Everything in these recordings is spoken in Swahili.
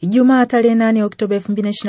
Ijumaa tarehe 8 Oktoba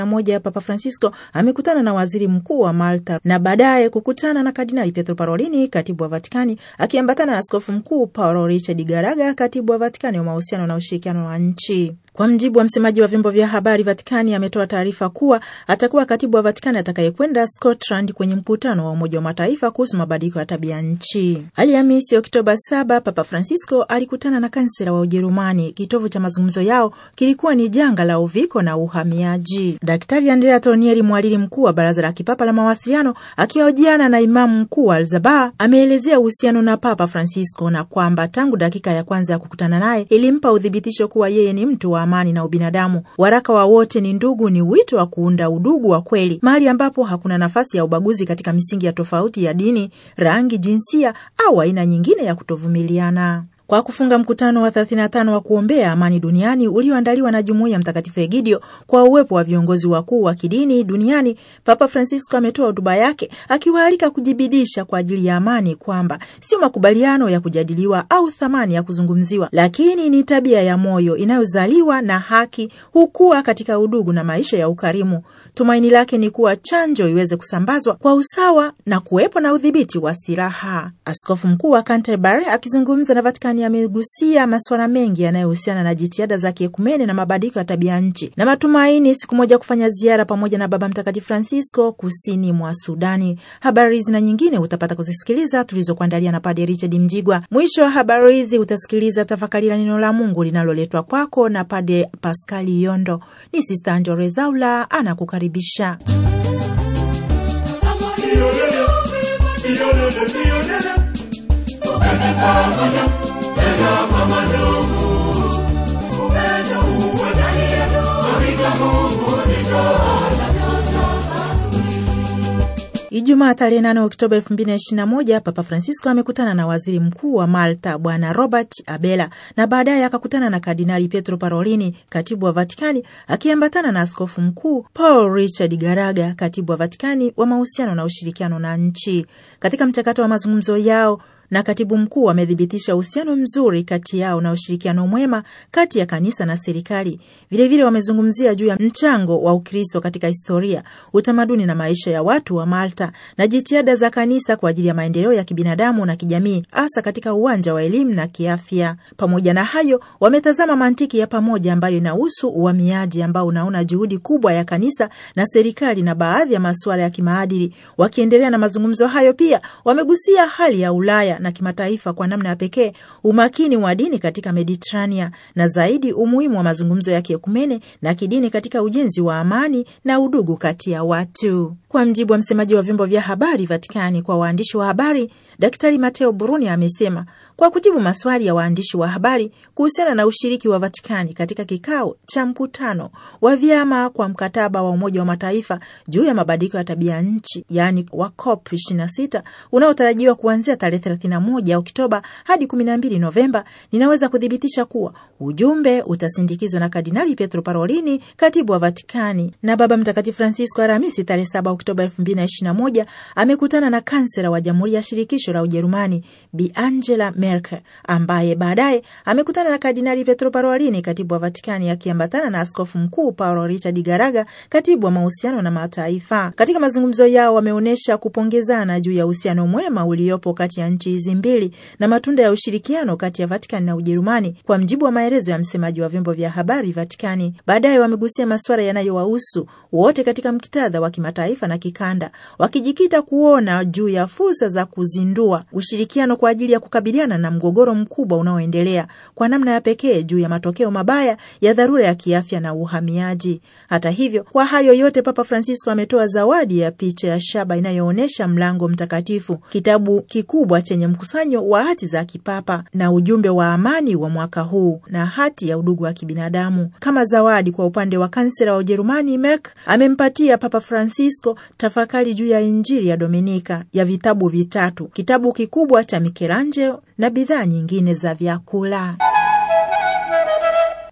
moja Papa Francisco amekutana na waziri mkuu wa Malta na baadaye kukutana na Kardinali Pietro Parolini, katibu wa Vatikani, akiambatana na askofu mkuu Paolo Richard Garaga, katibu wa Vatikani wa mahusiano na ushirikiano wa nchi. Kwa mjibu wa msemaji wa vyombo vya habari Vatikani, ametoa taarifa kuwa atakuwa katibu wa Vatikani atakayekwenda Scotland kwenye mkutano wa Umoja wa Mataifa kuhusu mabadiliko ya tabia nchi. Alhamisi Oktoba 7, Papa Francisco alikutana na kansela wa Ujerumani. Kitovu cha mazungumzo yao kilikuwa ni janga la uviko na uhamiaji. Daktari Andrea Tonieri, mwalili mkuu wa Baraza la Kipapa la Mawasiliano, akihojiana na imamu mkuu wa Alzaba, ameelezea uhusiano na Papa Francisco na kwamba tangu dakika ya kwanza ya kukutana naye ilimpa uthibitisho kuwa yeye ni mtu wa amani na ubinadamu. Waraka wa Wote ni Ndugu ni wito wa kuunda udugu wa kweli, mahali ambapo hakuna nafasi ya ubaguzi katika misingi ya tofauti ya dini, rangi, jinsia au aina nyingine ya kutovumiliana kwa kufunga mkutano wa 35 wa kuombea amani duniani ulioandaliwa na Jumuiya Mtakatifu Egidio kwa uwepo wa viongozi wakuu wa kidini duniani, Papa Francisco ametoa hotuba yake akiwaalika kujibidisha kwa ajili ya amani, kwamba sio makubaliano ya kujadiliwa au thamani ya kuzungumziwa, lakini ni tabia ya moyo inayozaliwa na haki, hukua katika udugu na maisha ya ukarimu. Tumaini lake ni kuwa chanjo iweze kusambazwa kwa usawa na kuwepo na udhibiti wa silaha. Askofu mkuu wa Canterbury akizungumza na Vatikani amegusia masuala mengi yanayohusiana na jitihada za kiekumene na mabadiliko ya tabia nchi na matumaini siku moja kufanya ziara pamoja na Baba Mtakatifu Francisco kusini mwa Sudani. Habari hizi na nyingine utapata kuzisikiliza tulizokuandalia na Padre Richard Mjigwa. Mwisho wa habari hizi utasikiliza tafakari la neno la Mungu linaloletwa kwako na Padre Paskali Yondo. Ni Sista Angelo Rezaula anakukaribisha. kukukaribisha. Ijumaa tarehe nane Oktoba moja Papa Francisco amekutana na waziri mkuu wa Malta Bwana Robert Abela na baadaye akakutana na Kardinali Pietro Parolini, katibu wa Vatikani, akiambatana na askofu mkuu Paul Richard Garaga, katibu wa Vatikani wa mahusiano na ushirikiano na nchi. Katika mchakato wa mazungumzo yao na katibu mkuu wamethibitisha uhusiano mzuri kati yao na ushirikiano mwema kati ya kanisa na serikali. Vilevile wamezungumzia juu ya mchango wa Ukristo katika historia, utamaduni na maisha ya watu wa Malta na jitihada za kanisa kwa ajili ya maendeleo ya kibinadamu na kijamii, hasa katika uwanja wa elimu na kiafya. Pamoja na hayo, wametazama mantiki ya pamoja ambayo inahusu uhamiaji ambao unaona juhudi kubwa ya kanisa na serikali na baadhi ya masuala ya kimaadili. Wakiendelea na mazungumzo hayo, pia wamegusia hali ya Ulaya na kimataifa kwa namna ya pekee umakini wa dini katika Mediterania na zaidi umuhimu wa mazungumzo ya kiekumene na kidini katika ujenzi wa amani na udugu kati ya watu. Kwa mjibu wa msemaji wa vyombo vya habari Vatikani kwa waandishi wa habari, Daktari Mateo Bruni amesema kwa kujibu maswali ya waandishi wa habari kuhusiana na ushiriki wa Vatikani katika kikao cha mkutano wa vyama kwa mkataba wa Umoja wa Mataifa juu ya mabadiliko ya tabia nchi, yaani wa COP 26 unaotarajiwa kuanzia tarehe 31 Oktoba hadi 12 Novemba, ninaweza kuthibitisha kuwa ujumbe utasindikizwa na Kardinali Pietro Parolini, katibu wa Vatikani, na Baba Mtakatifu Francisco Aramisi tarehe 7 Oktoba 2021 amekutana na kansela wa Jamhuri ya Shirikisho la Ujerumani Bi Angela Merkel, ambaye baadaye amekutana na Kardinali Pietro Parolini, katibu wa Vatikani, akiambatana na askofu mkuu Paolo Richard Garaga, katibu wa mahusiano na mataifa. Katika mazungumzo yao wameonyesha kupongezana juu ya uhusiano mwema uliopo kati ya nchi hizi mbili na matunda ya ushirikiano kati ya Vatikani na Ujerumani, kwa mjibu wa maelezo ya msemaji wa vyombo vya habari Vatikani. Baadaye wamegusia masuala yanayowahusu wote katika mktadha wa kimataifa na kikanda, wakijikita kuona juu ya fursa za kuzindua ushirikiano kwa ajili ya kukabiliana na mgogoro mkubwa unaoendelea kwa namna ya pekee juu ya matokeo mabaya ya dharura ya kiafya na uhamiaji. Hata hivyo, kwa hayo yote, Papa Francisco ametoa zawadi ya picha ya shaba inayoonyesha mlango mtakatifu, kitabu kikubwa chenye mkusanyo wa hati za kipapa na ujumbe wa amani wa mwaka huu na hati ya udugu wa kibinadamu. Kama zawadi kwa upande wa kansela wa Ujerumani, mek amempatia Papa Francisco tafakari juu ya Injili ya Dominika ya vitabu vitatu, kitabu kikubwa cha Michelangelo na bidhaa nyingine za vyakula.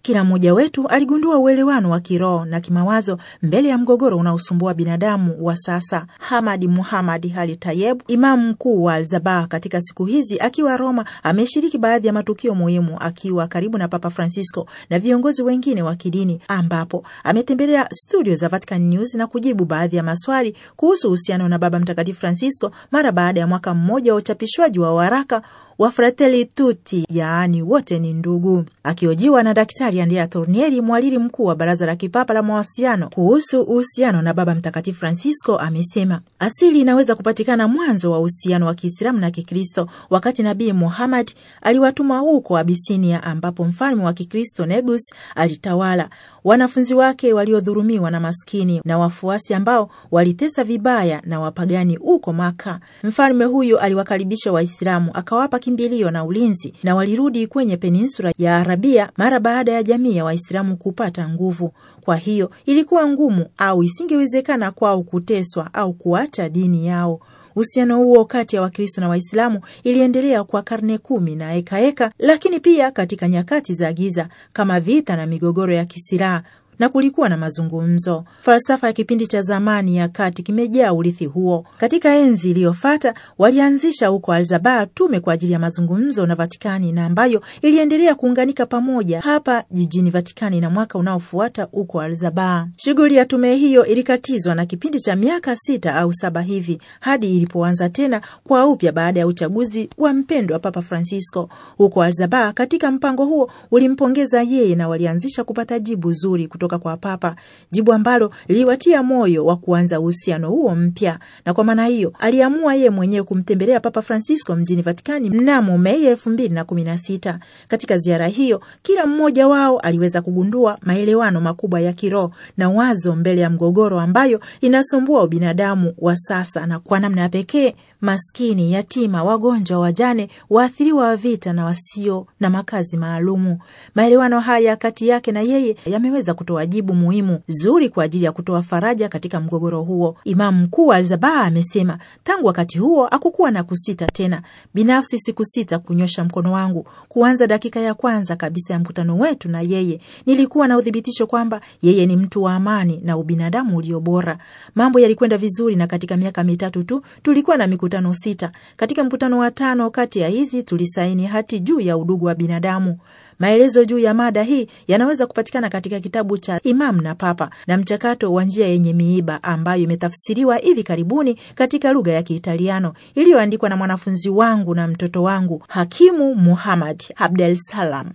Kila mmoja wetu aligundua uelewano wa kiroho na kimawazo mbele ya mgogoro unaosumbua binadamu wa sasa. Hamadi Muhamadi Hali Tayeb, imamu mkuu wa Alzaba katika siku hizi akiwa Roma, ameshiriki baadhi ya matukio muhimu akiwa karibu na Papa Francisco na viongozi wengine wa kidini, ambapo ametembelea studio za Vatican News na kujibu baadhi ya maswali kuhusu uhusiano na Baba Mtakatifu Francisco mara baada ya mwaka mmoja wa uchapishwaji wa waraka wa Fratelli Tutti, yaani wote ni ndugu, akiojiwa na daktari Andrea Tornieri, mwaliri mkuu wa Baraza la Kipapa la Mawasiliano kuhusu uhusiano na Baba Mtakatifu Francisco, amesema asili inaweza kupatikana mwanzo wa uhusiano wa Kiislamu na Kikristo wakati Nabii Muhammad aliwatuma huko Abisinia ambapo mfalme wa Kikristo Negus alitawala wanafunzi wake waliodhurumiwa na maskini na wafuasi ambao walitesa vibaya na wapagani huko Maka. Mfalme huyo aliwakaribisha Waislamu, akawapa kimbilio na ulinzi, na walirudi kwenye peninsula ya Arabia mara baada ya jamii ya Waislamu kupata nguvu. Kwa hiyo ilikuwa ngumu au isingewezekana kwao kuteswa au kuacha dini yao. Uhusiano huo kati ya Wakristo na Waislamu iliendelea kwa karne kumi na ekaeka, lakini pia katika nyakati za giza kama vita na migogoro ya kisilaha na kulikuwa na mazungumzo. Falsafa ya kipindi cha zamani ya kati kimejaa urithi huo. Katika enzi iliyofata, walianzisha huko Alzaba tume kwa ajili ya mazungumzo na Vatikani na ambayo iliendelea kuunganika pamoja hapa jijini Vatikani na mwaka unaofuata huko Alzaba. Shughuli ya tume hiyo ilikatizwa na kipindi cha miaka sita au saba hivi hadi ilipoanza tena kwa upya baada ya uchaguzi wa mpendwa Papa Francisco huko Alzaba. Katika mpango huo ulimpongeza yeye na walianzisha kupata jibu zuri kutoka kutoka kwa Papa, jibu ambalo liliwatia moyo wa kuanza uhusiano huo mpya, na kwa maana hiyo aliamua yeye mwenyewe kumtembelea Papa Francisco mjini Vatikani mnamo Mei elfu mbili na kumi na sita. Katika ziara hiyo, kila mmoja wao aliweza kugundua maelewano makubwa ya kiroho na wazo mbele ya mgogoro ambayo inasumbua ubinadamu wa sasa na kwa namna ya pekee maskini, yatima, wagonjwa, wajane, waathiriwa wa vita na wasio na makazi maalumu. Maelewano haya kati yake na yeye yameweza kutoa jibu muhimu zuri kwa ajili ya kutoa faraja katika mgogoro huo. Imamu mkuu Alzabaa amesema, tangu wakati huo akukuwa na kusita tena. Binafsi sikusita kunyosha mkono wangu kuanza dakika ya kwanza kabisa ya mkutano wetu na yeye. Nilikuwa na uthibitisho kwamba yeye ni mtu wa amani na ubinadamu ulio bora. Mambo yalikwenda vizuri, na katika miaka mitatu tu tulikuwa na mikutano mikutano sita. Katika mkutano wa tano kati ya hizi tulisaini hati juu ya udugu wa binadamu. Maelezo juu ya mada hii yanaweza kupatikana katika kitabu cha Imam na Papa na mchakato wa njia yenye miiba ambayo imetafsiriwa hivi karibuni katika lugha ya Kiitaliano iliyoandikwa na mwanafunzi wangu na mtoto wangu Hakimu Muhammad Abdel Salam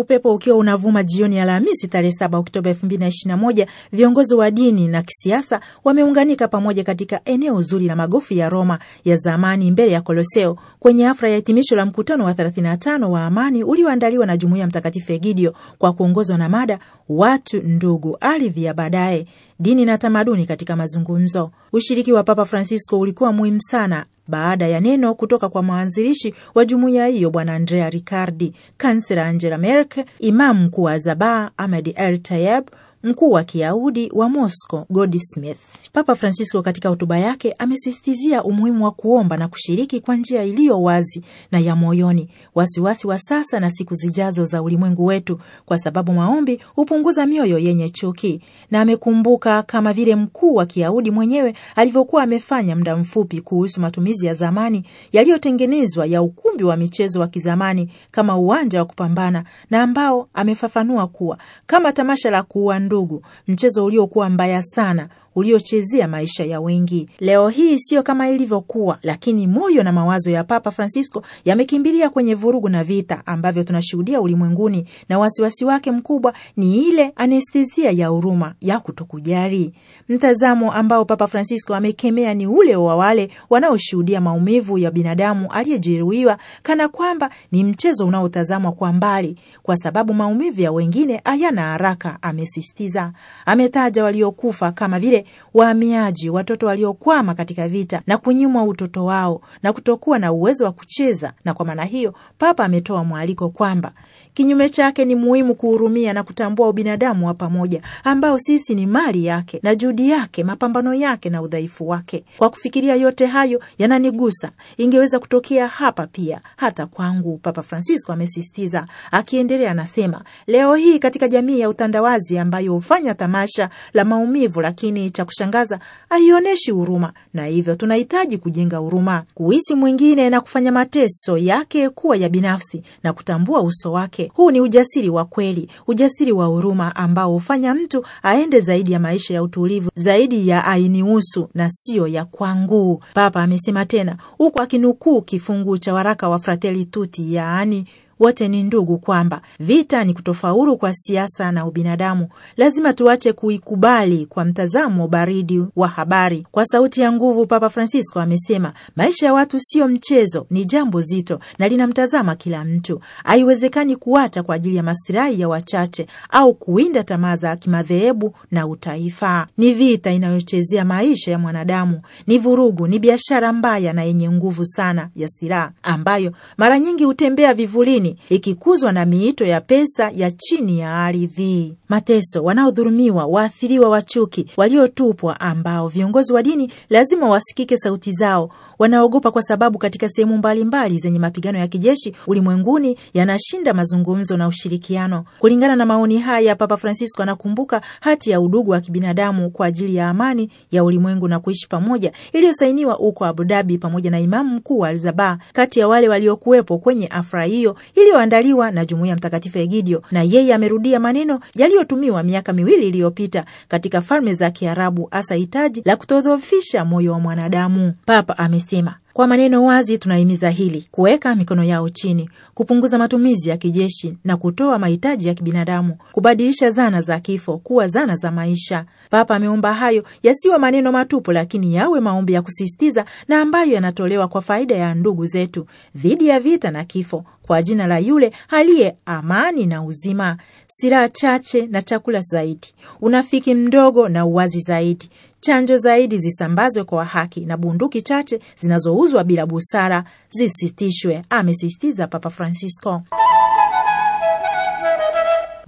upepo ukiwa unavuma jioni ya Alhamisi tarehe 7 Oktoba 2021, viongozi wa dini na kisiasa wameunganika pamoja katika eneo zuri la magofu ya Roma ya zamani mbele ya Koloseo kwenye hafla ya hitimisho la mkutano wa 35 wa amani ulioandaliwa na Jumuiya Mtakatifu Egidio kwa kuongozwa na mada watu, ndugu, ardhi ya baadaye, dini na tamaduni katika mazungumzo. Ushiriki wa Papa Francisco ulikuwa muhimu sana baada ya neno kutoka kwa mwanzilishi wa jumuiya hiyo Bwana Andrea Riccardi, kansela Angela Merkel, imamu mkuu wa Zabaa Ahmed El Tayeb mkuu wa Kiyahudi wa Moscow Goldsmith. Papa Francisco katika hotuba yake amesisitizia umuhimu wa kuomba na kushiriki kwa njia iliyo wazi na ya moyoni wasiwasi wa sasa na siku zijazo za ulimwengu wetu, kwa sababu maombi hupunguza mioyo yenye chuki, na amekumbuka kama vile mkuu wa Kiyahudi mwenyewe alivyokuwa amefanya muda mfupi kuhusu matumizi ya zamani yaliyotengenezwa ya ukumbi wa michezo wa kizamani kama uwanja wa kupambana na ambao amefafanua kuwa kama tamasha la kuua vurugu, mchezo uliokuwa mbaya sana uliochezea maisha ya wengi. Leo hii siyo kama ilivyokuwa, lakini moyo na mawazo ya Papa Francisco yamekimbilia kwenye vurugu na vita ambavyo tunashuhudia ulimwenguni, na wasiwasi wake mkubwa ni ile anestesia ya huruma ya kutokujali. Mtazamo ambao Papa Francisco amekemea ni ule wa wale wanaoshuhudia maumivu ya binadamu aliyejeruhiwa, kana kwamba ni mchezo unaotazamwa kwa mbali, kwa sababu maumivu ya wengine hayana haraka, amesisitiza. Ametaja waliokufa kama vile vile wahamiaji, watoto waliokwama katika vita na kunyimwa utoto wao na kutokuwa na uwezo wa kucheza, na kwa maana hiyo Papa ametoa mwaliko kwamba Kinyume chake, ni muhimu kuhurumia na kutambua ubinadamu wa pamoja ambao sisi ni mali yake na juhudi yake, mapambano yake na udhaifu wake. Kwa kufikiria yote hayo yananigusa, ingeweza kutokea hapa pia hata kwangu, Papa Francisco amesisitiza. Akiendelea anasema, leo hii katika jamii ya utandawazi ambayo hufanya tamasha la maumivu, lakini cha kushangaza haionyeshi huruma, na hivyo tunahitaji kujenga huruma, kuhisi mwingine na kufanya mateso yake kuwa ya binafsi na kutambua uso wake huu ni ujasiri wa kweli, ujasiri wa huruma ambao hufanya mtu aende zaidi ya maisha ya utulivu, zaidi ya ainiusu na siyo ya kwanguu Papa amesema tena, huku akinukuu kifungu cha waraka wa Fratelli Tutti, yaani wote ni ndugu, kwamba vita ni kutofaulu kwa siasa na ubinadamu. Lazima tuache kuikubali kwa mtazamo baridi wa habari. Kwa sauti ya nguvu, Papa Francisco amesema maisha ya watu sio mchezo, ni jambo zito na linamtazama kila mtu. Haiwezekani kuacha kwa ajili ya masilahi ya wachache au kuwinda tamaa za kimadhehebu na utaifa. Ni vita inayochezea maisha ya mwanadamu, ni vurugu, ni biashara mbaya na yenye nguvu sana ya silaha ambayo mara nyingi hutembea vivulini chini ikikuzwa na miito ya pesa ya chini ya ardhi. Mateso, wanaodhulumiwa, waathiriwa wa chuki, waliotupwa, ambao viongozi wa dini lazima wasikike sauti zao, wanaogopa kwa sababu katika sehemu mbalimbali zenye mapigano ya kijeshi ulimwenguni yanashinda mazungumzo na ushirikiano. Kulingana na maoni haya, Papa Francisco anakumbuka hati ya udugu wa kibinadamu kwa ajili ya amani ya ulimwengu na kuishi pamoja iliyosainiwa huko Abu Dhabi pamoja na imamu mkuu wa Alzaba kati ya wale waliokuwepo kwenye afra hiyo iliyoandaliwa na Jumuiya Mtakatifu Egidio, na yeye amerudia maneno yaliyotumiwa miaka miwili iliyopita katika Falme za Kiarabu, hasa hitaji la kutodhofisha moyo wa mwanadamu. Papa amesema kwa maneno wazi tunahimiza hili, kuweka mikono yao chini, kupunguza matumizi ya kijeshi na kutoa mahitaji ya kibinadamu, kubadilisha zana za kifo kuwa zana za maisha. Papa ameomba hayo yasiwe maneno matupu, lakini yawe maombi ya kusisitiza na ambayo yanatolewa kwa faida ya ndugu zetu, dhidi ya vita na kifo, kwa jina la yule aliye amani na uzima, silaha chache na chakula zaidi, unafiki mdogo na uwazi zaidi, Chanjo zaidi zisambazwe kwa haki na bunduki chache zinazouzwa bila busara zisitishwe, amesisitiza Papa Francisco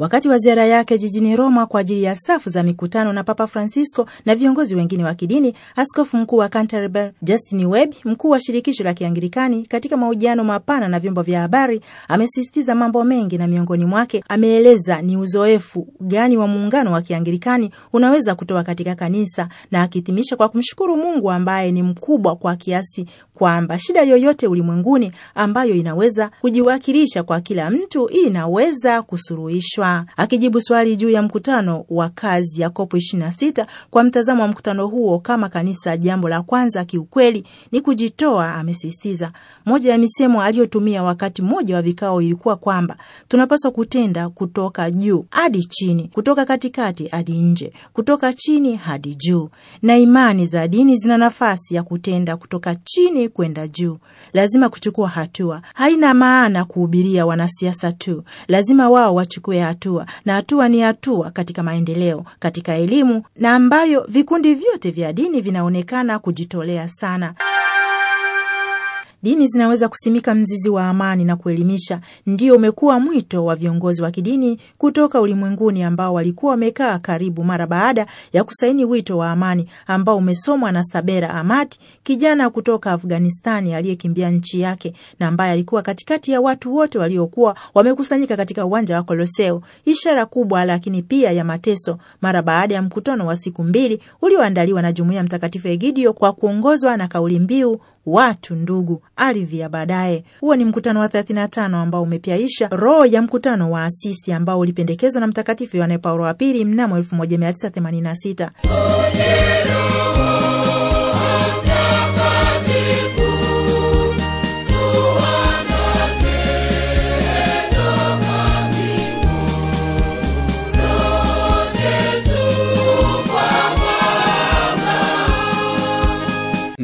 wakati wa ziara yake jijini Roma kwa ajili ya safu za mikutano na Papa Francisco na viongozi wengine wa kidini. Askofu mkuu wa Canterbury Justin Webb, mkuu wa shirikisho la kiangirikani katika mahojiano mapana na vyombo vya habari amesisitiza mambo mengi, na miongoni mwake ameeleza ni uzoefu gani wa muungano wa Kiangirikani unaweza kutoa katika kanisa, na akihitimisha kwa kumshukuru Mungu ambaye ni mkubwa kwa kiasi kwamba shida yoyote ulimwenguni ambayo inaweza kujiwakilisha kwa kila mtu inaweza kusuruhishwa. Akijibu swali juu ya mkutano wa kazi ya kopo 26 kwa mtazamo wa mkutano huo kama kanisa, jambo la kwanza kiukweli ni kujitoa, amesisitiza. Moja ya misemo aliyotumia wakati mmoja wa vikao ilikuwa kwamba tunapaswa kutenda kutoka juu hadi chini, kutoka katikati hadi nje, kutoka chini hadi juu, na imani za dini zina nafasi ya kutenda kutoka chini kwenda juu. Lazima kuchukua hatua. Haina maana kuhubiria wanasiasa tu, lazima wao wachukue hatua, na hatua ni hatua katika maendeleo, katika elimu, na ambayo vikundi vyote vya dini vinaonekana kujitolea sana. Dini zinaweza kusimika mzizi wa amani na kuelimisha, ndio umekuwa mwito wa viongozi wa kidini kutoka ulimwenguni ambao walikuwa wamekaa karibu mara baada ya kusaini wito wa amani ambao umesomwa na Sabera Amati, kijana kutoka Afghanistani aliyekimbia nchi yake na ambaye alikuwa katikati ya watu wote waliokuwa wamekusanyika katika uwanja wa Koloseo, ishara kubwa lakini pia ya mateso, mara baada ya mkutano wa siku mbili ulioandaliwa na Jumuiya Mtakatifu Egidio kwa kuongozwa na kauli mbiu watu, ndugu, ardhi ya baadaye. Huo ni mkutano wa 35 ambao umepiaisha roho ya mkutano wa Asisi ambao ulipendekezwa na Mtakatifu Yohane Paulo wa Pili mnamo 1986.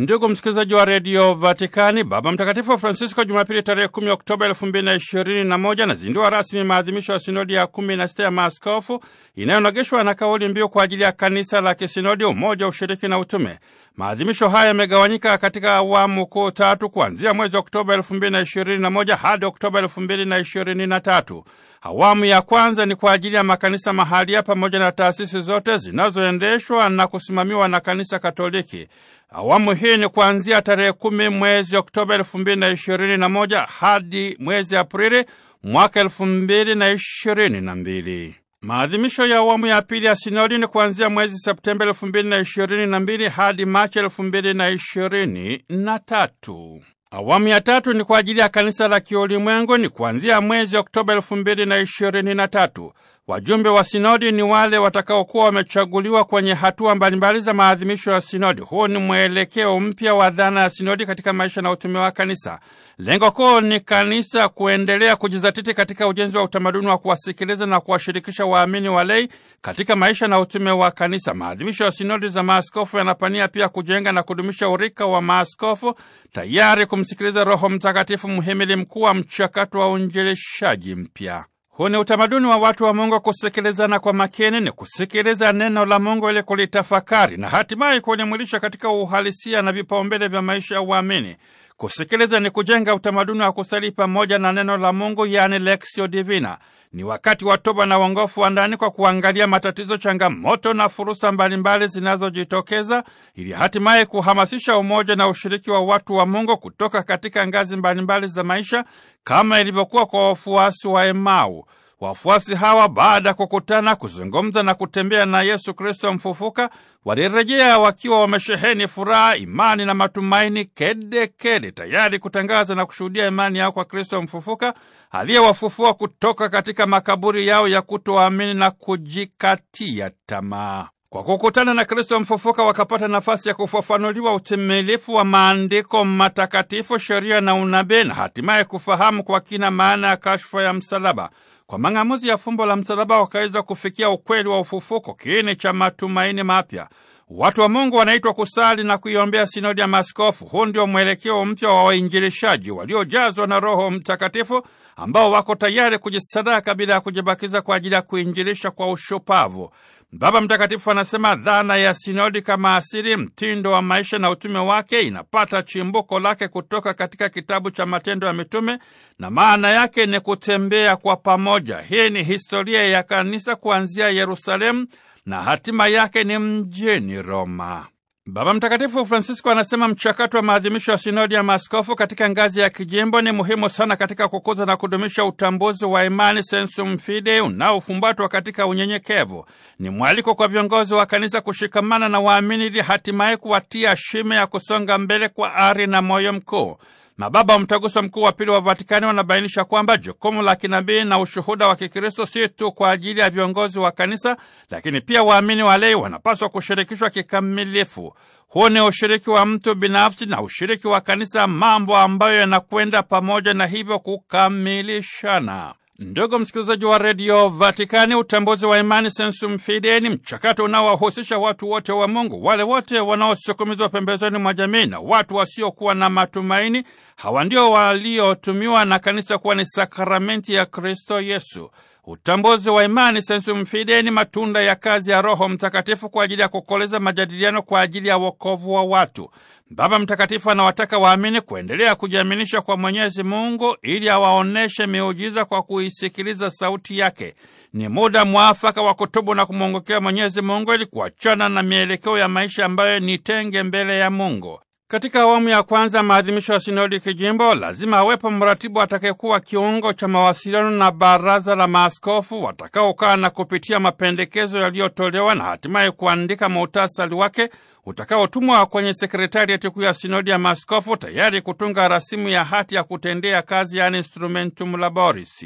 Ndugu msikilizaji wa redio Vatikani, Baba Mtakatifu Francisco Jumapili tarehe 10 Oktoba 2021 anazindua rasmi maadhimisho ya sinodi ya 16 ya maaskofu inayonogeshwa na kauli mbiu kwa ajili ya kanisa la kisinodi, umoja, ushiriki na utume. Maadhimisho haya yamegawanyika katika awamu kuu tatu kuanzia mwezi Oktoba 2021 hadi Oktoba 2023. Awamu ya kwanza ni kwa ajili ya makanisa mahalia pamoja na taasisi zote zinazoendeshwa na kusimamiwa na kanisa Katoliki. Awamu hii ni kuanzia tarehe kumi mwezi Oktoba elfu mbili na ishirini na moja hadi mwezi Aprili mwaka elfu mbili na ishirini na mbili. Maadhimisho ya awamu ya pili ya sinodi ni kuanzia mwezi Septemba elfu mbili na ishirini na mbili hadi Machi elfu mbili na ishirini na tatu. Awamu ya tatu ni kwa ajili ya kanisa la kiulimwengu, ni kuanzia mwezi Oktoba elfu mbili na ishirini na tatu. Wajumbe wa sinodi ni wale watakaokuwa wamechaguliwa kwenye hatua mbalimbali za maadhimisho ya sinodi. Huu ni mwelekeo mpya wa dhana ya sinodi katika maisha na utume wa kanisa. Lengo kuu ni kanisa kuendelea kujizatiti katika ujenzi wa utamaduni wa kuwasikiliza na kuwashirikisha waamini walei katika maisha na utume wa kanisa. Maadhimisho ya sinodi za maaskofu yanapania pia kujenga na kudumisha urika wa maaskofu tayari kumsikiliza Roho Mtakatifu, mhimili mkuu wa mchakato wa uinjilishaji mpya. Huu ni utamaduni wa watu wa Mungu kusikilizana kwa makini, ni kusikiliza neno la Mungu ili kulitafakari na hatimaye kulimwilisha katika uhalisia na vipaumbele vya maisha ya uamini. Kusikiliza ni kujenga utamaduni wa kusali pamoja na neno la Mungu, yaani lexio divina. Ni wakati wa toba na uongofu wa ndani kwa kuangalia matatizo, changamoto na fursa mbalimbali zinazojitokeza ili hatimaye kuhamasisha umoja na ushiriki wa watu wa Mungu kutoka katika ngazi mbalimbali za maisha kama ilivyokuwa kwa wafuasi wa Emau. Wafuasi hawa baada ya kukutana, kuzungumza na kutembea na Yesu Kristo mfufuka, walirejea wakiwa wamesheheni furaha, imani na matumaini kedekede kede, tayari kutangaza na kushuhudia imani yao kwa Kristo mfufuka aliyewafufua kutoka katika makaburi yao ya kutoamini na kujikatia tamaa. Kwa kukutana na Kristo mfufuka wakapata nafasi ya kufafanuliwa utimilifu wa maandiko matakatifu, sheria na unabii, na hatimaye kufahamu kwa kina maana ya kashfa ya msalaba. Kwa mang'amuzi ya fumbo la msalaba wakaweza kufikia ukweli wa ufufuko, kiini cha matumaini mapya. Watu wa Mungu wanaitwa kusali na kuiombea sinodi ya maaskofu. Huu ndio mwelekeo mpya wa wainjilishaji waliojazwa na Roho Mtakatifu, ambao wako tayari kujisadaka bila ya kujibakiza kwa ajili ya kuinjilisha kwa ushupavu. Baba Mtakatifu anasema dhana ya sinodi kama asili, mtindo wa maisha na utume wake inapata chimbuko lake kutoka katika kitabu cha Matendo ya Mitume na maana yake ni kutembea kwa pamoja. Hii ni historia ya kanisa kuanzia Yerusalemu na hatima yake ni mjini Roma. Baba Mtakatifu Francisco anasema mchakato wa maadhimisho ya sinodi ya maaskofu katika ngazi ya kijimbo ni muhimu sana katika kukuza na kudumisha utambuzi wa imani sensum fidei unaofumbatwa katika unyenyekevu. Ni mwaliko kwa viongozi wa kanisa kushikamana na waamini ili hatimaye kuwatia shime ya kusonga mbele kwa ari na moyo mkuu. Mababa wa Mtaguso Mkuu wa Pili wa Vatikani wanabainisha kwamba jukumu la kinabii na ushuhuda wa Kikristo si tu kwa ajili ya viongozi wa kanisa, lakini pia waamini walei wanapaswa kushirikishwa kikamilifu. Huu ni ushiriki wa mtu binafsi na ushiriki wa kanisa, mambo ambayo yanakwenda pamoja na hivyo kukamilishana. Ndugu msikilizaji wa redio Vatikani, utambuzi wa imani sensum fidei ni mchakato unaowahusisha watu wote wa Mungu, wale wote wanaosukumizwa pembezoni mwa jamii na watu wasiokuwa na matumaini. Hawa ndio waliotumiwa na kanisa kuwa ni sakramenti ya Kristo Yesu. Utambuzi wa imani sensum fidei ni matunda ya kazi ya Roho Mtakatifu kwa ajili ya kukoleza majadiliano kwa ajili ya wokovu wa watu. Baba Mtakatifu anawataka waamini kuendelea kujiaminisha kwa Mwenyezi Mungu ili awaoneshe miujiza kwa kuisikiliza sauti yake. Ni muda mwafaka wa kutubu na kumwongokea Mwenyezi Mungu ili kuachana na mielekeo ya maisha ambayo ni tenge mbele ya Mungu. Katika awamu ya kwanza maadhimisho ya sinodi kijimbo, lazima awepo mratibu atakayekuwa kiungo cha mawasiliano na baraza la maaskofu watakaokaa na kupitia mapendekezo yaliyotolewa na hatimaye kuandika muhtasari wake utakaotumwa kwenye sekretarieti kuu ya sinodi ya maaskofu tayari kutunga rasimu ya hati ya kutendea kazi, yaani instrumentum laboris.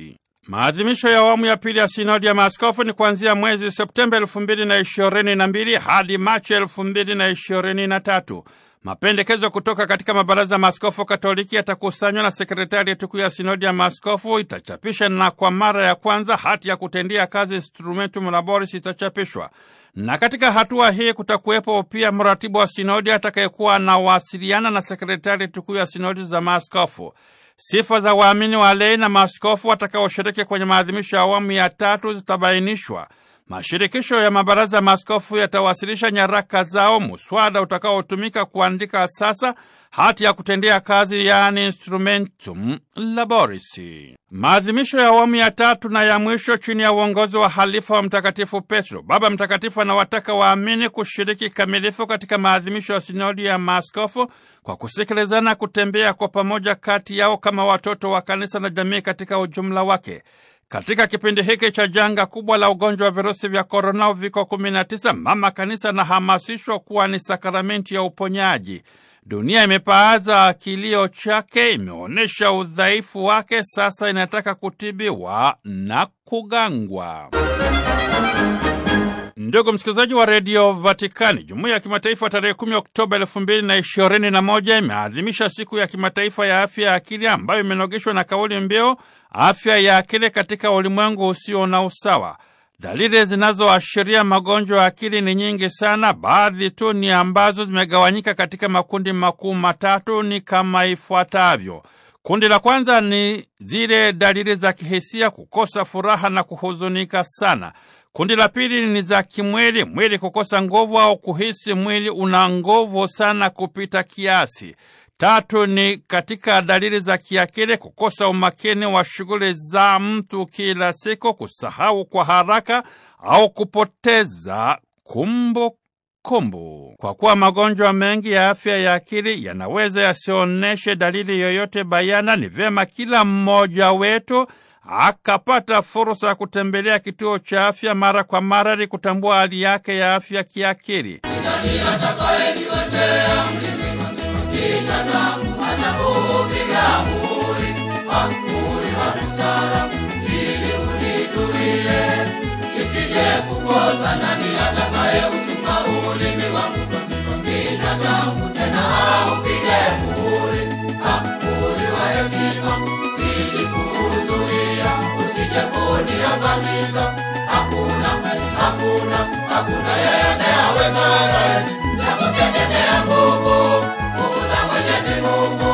Maadhimisho ya awamu ya pili ya sinodi ya maaskofu ni kuanzia mwezi Septemba elfu mbili na ishirini na mbili hadi Machi elfu mbili na ishirini na tatu. Mapendekezo kutoka katika mabaraza ya maaskofu Katoliki yatakusanywa na sekretarieti kuu ya sinodi ya maaskofu itachapisha, na kwa mara ya kwanza hati ya kutendea kazi instrumentum laboris itachapishwa. Na katika hatua hii kutakuwepo pia mratibu wa sinodi atakayekuwa anawasiliana na sekretari tukuu ya sinodi za maaskofu. Sifa za waamini wa lei na maaskofu watakaoshiriki kwenye maadhimisho ya awamu ya tatu zitabainishwa. Mashirikisho ya mabaraza ya maaskofu yatawasilisha nyaraka zao, muswada utakaotumika kuandika sasa hati ya kutendea kazi yaani instrumentum laboris. Maadhimisho ya awamu ya tatu na ya mwisho chini ya uongozi wa halifa wa Mtakatifu Petro, Baba Mtakatifu anawataka waamini kushiriki kamilifu katika maadhimisho ya sinodi ya maaskofu kwa kusikilizana, kutembea kwa pamoja kati yao kama watoto wa kanisa na jamii katika ujumla wake. Katika kipindi hiki cha janga kubwa la ugonjwa wa virusi vya korona, uviko 19, mama kanisa anahamasishwa kuwa ni sakramenti ya uponyaji. Dunia imepaaza kilio chake, imeonyesha udhaifu wake, sasa inataka kutibiwa na kugangwa. Ndugu msikilizaji wa redio Vatikani, jumuiya ya kimataifa tarehe 10 Oktoba 2021 imeadhimisha siku ya kimataifa ya afya ya akili ambayo imenogeshwa na kauli mbiu afya ya akili katika ulimwengu usio na usawa. Dalili zinazoashiria magonjwa ya akili ni nyingi sana, baadhi tu ni ambazo zimegawanyika katika makundi makuu matatu ni kama ifuatavyo. Kundi la kwanza ni zile dalili za kihisia, kukosa furaha na kuhuzunika sana. Kundi la pili ni za kimwili, mwili kukosa nguvu au kuhisi mwili una nguvu sana kupita kiasi. Tatu ni katika dalili za kiakili kukosa umakini wa shughuli za mtu kila siku, kusahau kwa haraka au kupoteza kumbukumbu kumbu. Kwa kuwa magonjwa mengi ya afya ya akili yanaweza yasionyeshe dalili yoyote bayana, ni vyema kila mmoja wetu akapata fursa ya kutembelea kituo cha afya mara kwa mara ili kutambua hali yake ya afya kiakili muhuri kukosa nani atakaye uchunga ulimi wangu katika kina changu tena upige muhuri muhuri wa hekima ili kuzuia usije kuniangamiza hakuna hakuna hakuna yeyote awezaye nakutegemea nguvu Mwenyezi Mungu,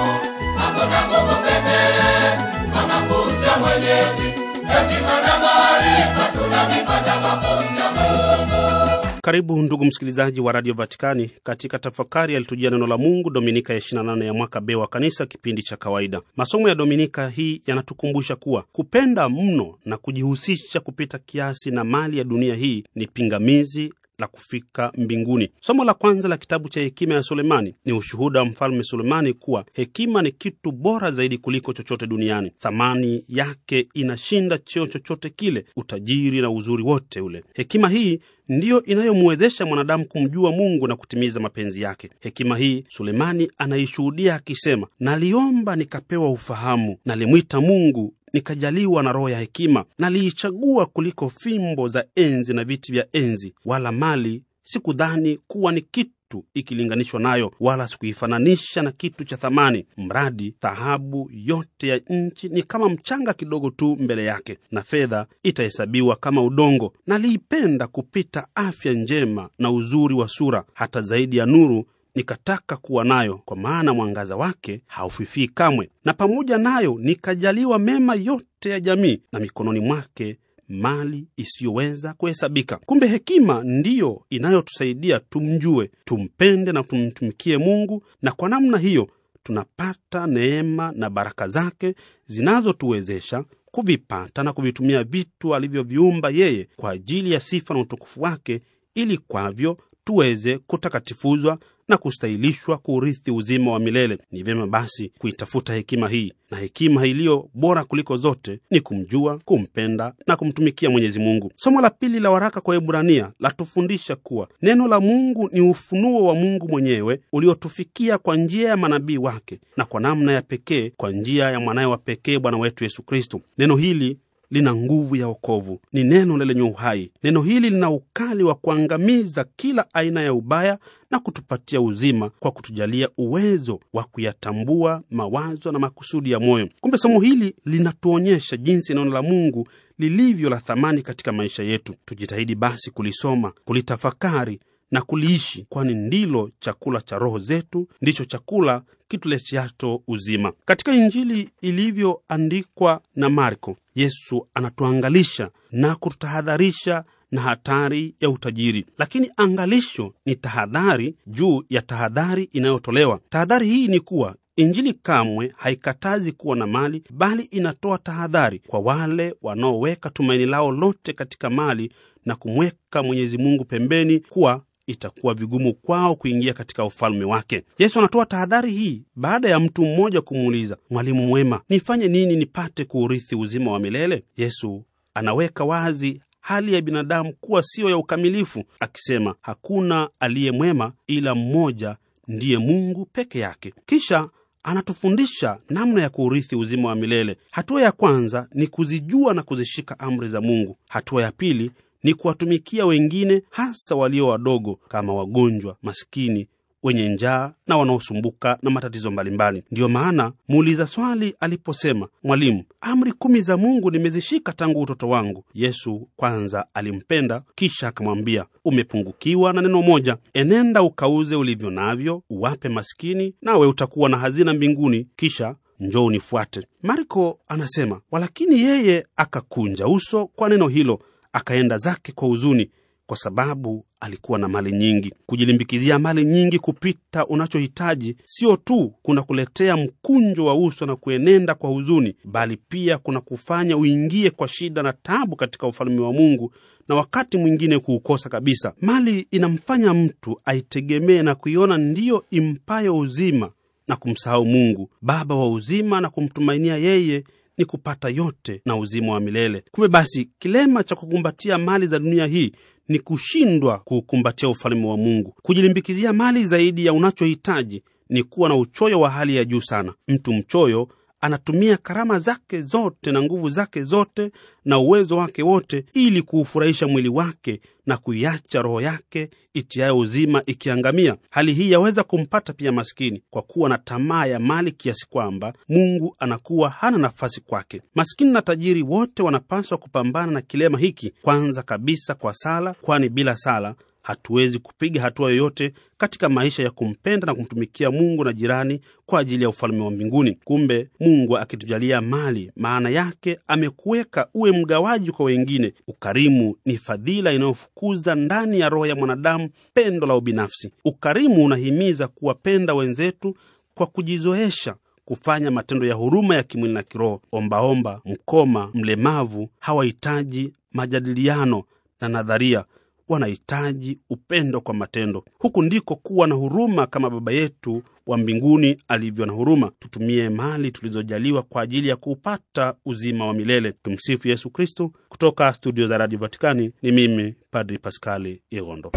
hakuna nguvu pekee kama kumcha Mwenyezi. Hekima na maarifa tunazipata kwa kumcha Mungu. Karibu ndugu msikilizaji wa Radio Vatikani katika tafakari yalitujia neno la Mungu Dominika ya 28 ya mwaka B wa Kanisa, kipindi cha kawaida. Masomo ya Dominika hii yanatukumbusha kuwa kupenda mno na kujihusisha kupita kiasi na mali ya dunia hii ni pingamizi la kufika mbinguni. Somo la kwanza la kitabu cha Hekima ya Sulemani ni ushuhuda wa Mfalme Sulemani kuwa hekima ni kitu bora zaidi kuliko chochote duniani. Thamani yake inashinda cheo chochote kile, utajiri na uzuri wote ule. Hekima hii ndiyo inayomwezesha mwanadamu kumjua Mungu na kutimiza mapenzi yake. Hekima hii Sulemani anaishuhudia akisema, naliomba nikapewa ufahamu, nalimwita Mungu nikajaliwa na roho ya hekima, naliichagua kuliko fimbo za enzi na viti vya enzi, wala mali sikudhani kuwa ni kitu ikilinganishwa nayo, wala sikuifananisha na kitu cha thamani, mradi dhahabu yote ya nchi ni kama mchanga kidogo tu mbele yake, na fedha itahesabiwa kama udongo. Naliipenda kupita afya njema na uzuri wa sura, hata zaidi ya nuru nikataka kuwa nayo, kwa maana mwangaza wake haufifii kamwe, na pamoja nayo nikajaliwa mema yote ya jamii, na mikononi mwake mali isiyoweza kuhesabika. Kumbe hekima ndiyo inayotusaidia tumjue, tumpende na tumtumikie Mungu, na kwa namna hiyo tunapata neema na baraka zake zinazotuwezesha kuvipata na kuvitumia vitu alivyoviumba yeye kwa ajili ya sifa na utukufu wake, ili kwavyo tuweze kutakatifuzwa na kustahilishwa kuurithi uzima wa milele. Ni vyema basi kuitafuta hekima hii, na hekima iliyo bora kuliko zote ni kumjua, kumpenda na kumtumikia Mwenyezi Mungu. Somo la pili la waraka kwa Ebrania latufundisha kuwa neno la Mungu ni ufunuo wa Mungu mwenyewe uliotufikia kwa njia ya manabii wake na kwa namna ya pekee kwa njia ya mwanaye wa pekee Bwana wetu Yesu Kristo. Neno hili lina nguvu ya wokovu, ni neno lenye uhai. Neno hili lina ukali wa kuangamiza kila aina ya ubaya na kutupatia uzima kwa kutujalia uwezo wa kuyatambua mawazo na makusudi ya moyo. Kumbe somo hili linatuonyesha jinsi neno la Mungu lilivyo la thamani katika maisha yetu. Tujitahidi basi kulisoma, kulitafakari na kuliishi, kwani ndilo chakula cha roho zetu, ndicho chakula kitulechato uzima. Katika Injili ilivyoandikwa na Marko, Yesu anatuangalisha na kututahadharisha na hatari ya utajiri, lakini angalisho ni tahadhari juu ya tahadhari inayotolewa. Tahadhari hii ni kuwa Injili kamwe haikatazi kuwa na mali, bali inatoa tahadhari kwa wale wanaoweka tumaini lao lote katika mali na kumweka Mwenyezi Mungu pembeni, kuwa itakuwa vigumu kwao kuingia katika ufalme wake. Yesu anatoa tahadhari hii baada ya mtu mmoja kumuuliza, mwalimu mwema, nifanye nini nipate kuurithi uzima wa milele? Yesu anaweka wazi hali ya binadamu kuwa siyo ya ukamilifu, akisema hakuna aliye mwema ila mmoja ndiye Mungu peke yake. Kisha anatufundisha namna ya kuurithi uzima wa milele. Hatua ya kwanza ni kuzijua na kuzishika amri za Mungu. Hatua ya pili ni kuwatumikia wengine, hasa walio wadogo kama wagonjwa, maskini, wenye njaa na wanaosumbuka na matatizo mbalimbali. Ndiyo maana muuliza swali aliposema, Mwalimu, amri kumi za Mungu nimezishika tangu utoto wangu. Yesu kwanza alimpenda, kisha akamwambia, umepungukiwa na neno moja, enenda ukauze ulivyo navyo, uwape masikini nawe utakuwa na hazina mbinguni, kisha njo unifuate. Marko anasema, walakini yeye akakunja uso kwa neno hilo akaenda zake kwa huzuni, kwa sababu alikuwa na mali nyingi. Kujilimbikizia mali nyingi kupita unachohitaji sio tu kuna kuletea mkunjo wa uso na kuenenda kwa huzuni, bali pia kuna kufanya uingie kwa shida na tabu katika ufalme wa Mungu na wakati mwingine kuukosa kabisa. Mali inamfanya mtu aitegemee na kuiona ndiyo impayo uzima na kumsahau Mungu, Baba wa uzima, na kumtumainia yeye ni kupata yote na uzima wa milele. Kumbe basi, kilema cha kukumbatia mali za dunia hii ni kushindwa kuukumbatia ufalme wa Mungu. Kujilimbikizia mali zaidi ya unachohitaji ni kuwa na uchoyo wa hali ya juu sana. Mtu mchoyo anatumia karama zake zote na nguvu zake zote na uwezo wake wote ili kuufurahisha mwili wake na kuiacha roho yake itiayo uzima ikiangamia. Hali hii yaweza kumpata pia maskini kwa kuwa na tamaa ya mali kiasi kwamba Mungu anakuwa hana nafasi kwake. Maskini na tajiri wote wanapaswa kupambana na kilema hiki, kwanza kabisa kwa sala, kwani bila sala hatuwezi kupiga hatua yoyote katika maisha ya kumpenda na kumtumikia Mungu na jirani kwa ajili ya ufalme wa mbinguni. Kumbe Mungu akitujalia mali, maana yake amekuweka uwe mgawaji kwa wengine. Ukarimu ni fadhila inayofukuza ndani ya roho ya mwanadamu pendo la ubinafsi. Ukarimu unahimiza kuwapenda wenzetu kwa kujizoesha kufanya matendo ya huruma ya kimwili na kiroho. Ombaomba, mkoma, mlemavu hawahitaji majadiliano na nadharia wanahitaji upendo kwa matendo. Huku ndiko kuwa na huruma kama Baba yetu wa mbinguni alivyo na huruma. Tutumie mali tulizojaliwa kwa ajili ya kuupata uzima wa milele. Tumsifu Yesu Kristu. Kutoka studio za Radio Vatikani ni mimi Padri Paskali Igondo.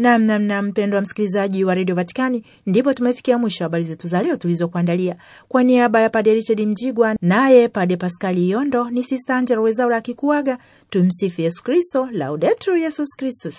Nam nam nam, mpendwa msikilizaji wa redio Vatikani, ndipo tumefikia mwisho habari zetu za leo tulizokuandalia. Kwa niaba ya Pade Richard Mjigwa naye Pade Paskali Iondo, ni Sista Angela Wezaura akikuaga. Tumsifu Yesu Kristo, Laudetur Yesus Kristus.